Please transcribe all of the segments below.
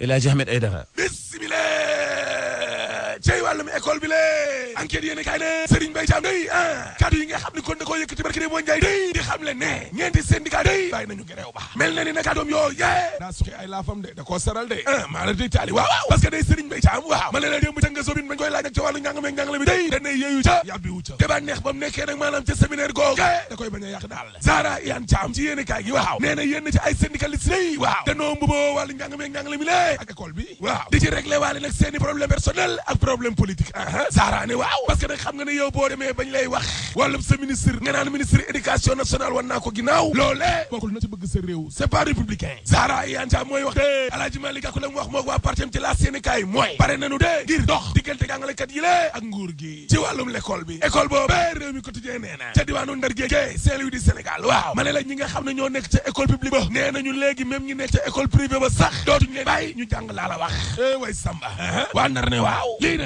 الى جهه ايدها wàllum école bi lée enquête yéen kay ne Serigne Mbaye Thiam day ah kaddu yi nga xam ne kon da koo yëkkati barki dé moo njaay day di xam le ne ñeenti syndicat day bàyyi nañu gereew ba mel na ni nag doom yoo yee daa suqi ay laafam de da koo saral de ah maa la day taali waaw waaw parce que day Serigne Mbaye Thiam waaw ma ne la démb tënga sobin bañ koy laaj nag ci wàllu njàng meeg njàng la bi day danay yeeyu ca yàbbi wu ca débat neex ba mu nekkee nag maanaam ca séminaire googu da koy bañ a yàq daal Zahra Iyane Thiam ci yéen kaay gi waaw nee na yéen ci ay syndicaliste day waaw danoo mbuboo wàllu njàng meeg njàng la mi lée ak école bi waaw di ci régler waale nag seeni problème personnel ak problème politique aa Zahra ne waaw parce que nag xam nga ne yow boo demee bañ lay wax wàllum sa ministre nga naan ministre éducation nationale wan ko ginnaaw loolee bokkul na ci bëgg mu wax mook waa parti am ci laa seeni mooy pare nañu de ngir dox diggante jàngalekat yi lée ak nguur gi ci wàllum l'école bi école boobu réew mi quotidien nee na ca diwaanu Ndar géej Saint-Louis du Sénégal waaw ma la ñi nga xam ne ñoo nekk ca école publique ba nee nañu ñu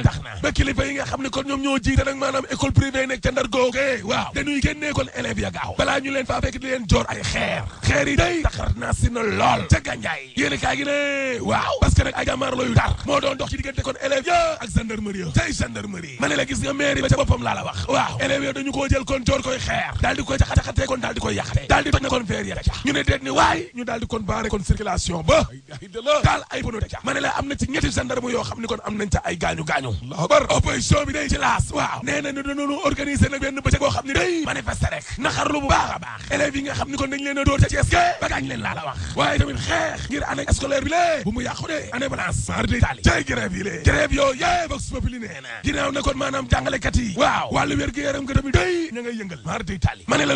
jàng baax na ba yi nga xam ne kon ñoom ñoo jiite nag maanaam école privée nekk ca ndar googe waaw dañuy génnee kon élèves ya gaaw balaa ñu leen faa fekk di leen joor ay xeer yi day taxar naa si na lool ca gànjaay yéeni kaay gi ne waaw parce que nag ay jàmmaar looyu dar moo doon dox ci diggante kon élèves ya ak gendarmerie ya tey la gis nga mairie ba ca boppam laa la wax waaw élèves ya dañu koo jël kon joor koy xeer daal di koy jaxajaxatee kon daal di koy yaxate daal di toj na ca ca ma am na ci ñetti gendarme yoo xam ne kon am nañ ca ay gaañu gaañu allahu akbar opposition bi day ci waaw nee na ñu dañoo benn bëccëg boo xam ne day manifester rek naxarlu bu baax a baax élèves yi xam ni kon dañ leen a dóor ca Thiès ke ba gaañ leen tamit day na nga tamit day ña ngay yëngal mar day ma ne la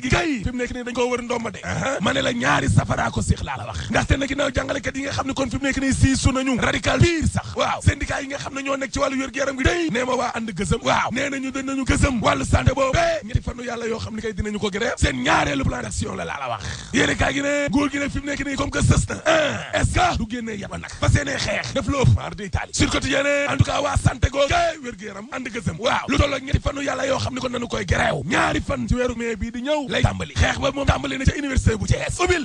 gi kay fi mu nekk nii dañ koo wër de ma la ñaari safara ko siix laa la wax ndaxte na ginnaaw jàngalekat yi nga xam ne kon fi mu nekk nii sii su nañu radical biir sax waaw syndicat nga xam ci wàllu wér-gu-yaram gi day nee waa ànd gësëm waaw nee nañu dinañu gësëm wàllu santé boobu ñetti fanu yàlla yoo xam ne kay dinañu ko seen ñaareelu plan la laa la wax yéene kaay gi ne góor gi ne fi mu nekk nii comme que sës na est-ce que du génnee yaba nag fas yéene xeex def loof mar di taali sur quotidien ne en tout cas waa santé googu wér-gu-yaram ànd waaw lu tolloog ñetti yàlla yoo xam ne ko nanu koy gëreew ñaari fan ci weeru mai bii di ñëw lay tàmbali xeex ba moom tàmbali na université bu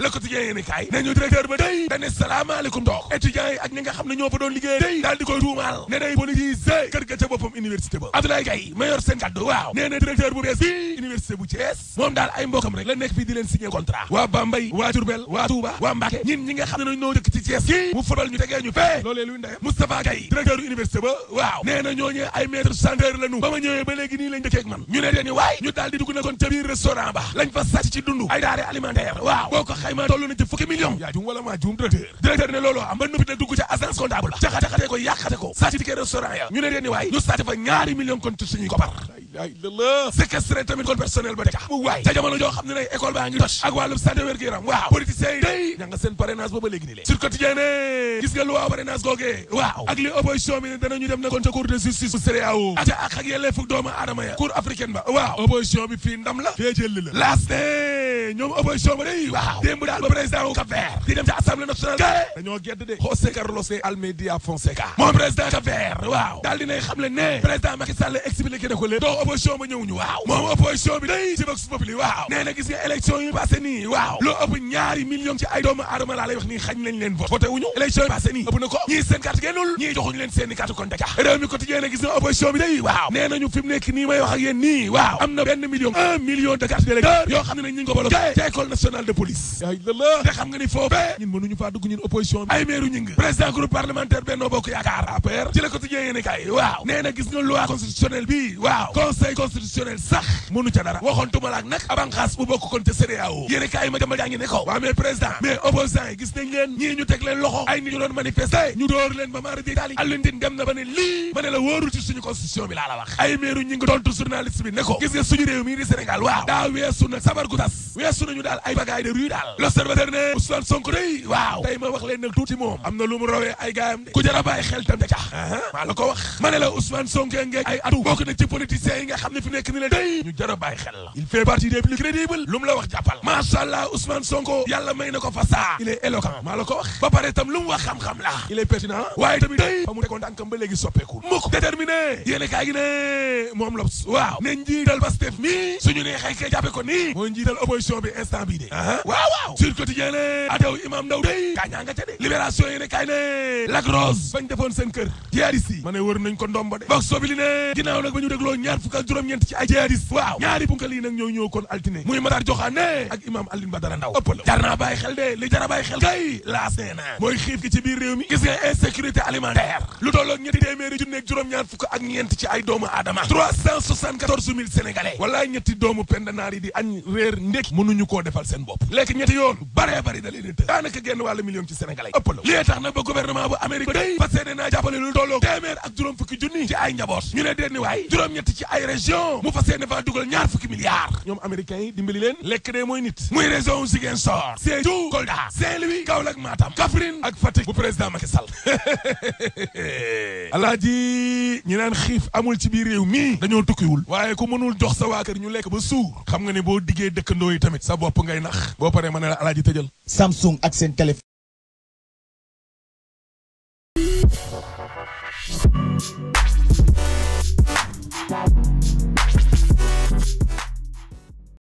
le quotidien yéene kaay ne ñu directeur ba day dane salaamaaleykum doog étudiants yi ak ñi nga xam ne ñoo fa doon liggéey day daal di koy tuumaal ne day privatisé kër ga boppam université ba Abdoulaye Gaye mayor seen kaddu waaw nee na bu bees bi université bu Thiès moom daal ay mbokam rek la nekk fii di leen signé contrat waa Bambey waa Diourbel waa Touba waa Mbacké ñin ñi nga xam ne ñoo dëkk ci Thiès gi mu foral ñu tegee ñu fee loolee luy ndeyam Moustapha Gaye directeur université ba waaw nee na ay maître chanteur la ñu ba ma ñëwee ba léegi nii lañ dëkkeeg man ñu ne dañu waay ñu daal di dugg comptable ba jaxate ko yàqate ko sàcc ticket restaurant ñu ne leen ni ñu sàcc fa ñaari million kon ci suñuy koppar ay séquestré tamit kon personnel ba dëkk mu waay jamono joo xam ne école baa ngi tos ak wàllum santé wér gi waaw politiciens yi day nga seen parrainage ba ba léegi ni lee sur quotidien ne gis nga loi parrainage googee waaw ak li opposition bi ne danañu dem na kon cour de justice bu CEDEAO ak ak ak yelleefu doomu ya cour africaine ba waaw opposition bi fii ndam la fee jël la mais ñoom opposition day waaw démb daal ba nii waaw loo ëpp waaw nee nañu fi nii may wax ak waaw am na benn million un million de carte d'électeurs yoo xam ne ñu ca école nationale de police ay meeru ñu président groupe parlementaire Benno Bokk Yaakaar APR ci la ko tijjee yéene waaw nee gis nga loi constitutionnelle bi waaw conseil constitutionnel sax mënu ca dara waxoon tumalaak nag abanxaas bu bokk ca CEDEAO yéene ma jamba jaa ngi ne ko président mais opposant yi gis nañ leen ñu teg leen loxo ay nit ñu doon manifester ñu dóor leen ba maara di taali alluntin dem na ba ne lii ma ne la wóorul gestu nañu daal ay bagaay de rue daal l'observateur ne Ousmane Sonko day waaw tey ma wax leen nag tuuti moom am na lu mu rawee ay gaayam de ku jar a xel tam da cax maa la wax ma ne la Ousmane Sonko ngeeg ay atu a ko fasaa il est éloquent maa la wax ba pare tam lu wax xam-xam la il est pertinent waaye tamit day fa mu tegoon tànkam ba léegi soppeekul mukk déterminé yéene kaay gi ne moom lobs waaw ne njiital Pastef mi suñu ne xëy kee jàppe ko nii mooy opposition bi waaw waaw sur quotidien ne atew imam ndaw day kaa nga ca de libération yi ne ne Lac Rose bañ defoon seen kër jihadis yi ma wër nañ ko ndomba de box sobi ne ginnaaw nag ba ñu ñaar fukk ak juróom-ñeent ci ay jihadis waaw ñaari bunkal nag ñoo ñëw kon altine muy Matar Joxaane ak imam Alioune Badara Ndaw ëppala jar naa bàyyi xel de li jara bàyyi xel kay laa seena mooy xiif gi ci biir réew mi gis nga insécurité alimentaire lu tolloog ñetti mënuñu koo defal seen bopp léegi ñetti yoon baree bari da leen tëj daanaka génn wàllu million ci sénégalais ëpp la lii tax na ba gouvernement bu amérique day parce que dinaa jàppale lu tolloo téeméer ak juróom fukki junni ci ay njaboot ñu ne dénni waay juróom-ñetti ci ay région mu fas yéene faa dugal ñaar fukki milliards ñoom américains yi dimbali leen lekk dee mooy nit muy région Ziguinchor Sédhiou Kolda Saint-Louis Kaolack Matam Kaffrine ak Fatick nak sa bop ngay nax bo paré mané la aladi tejeul samsung ak sen téléphone thank you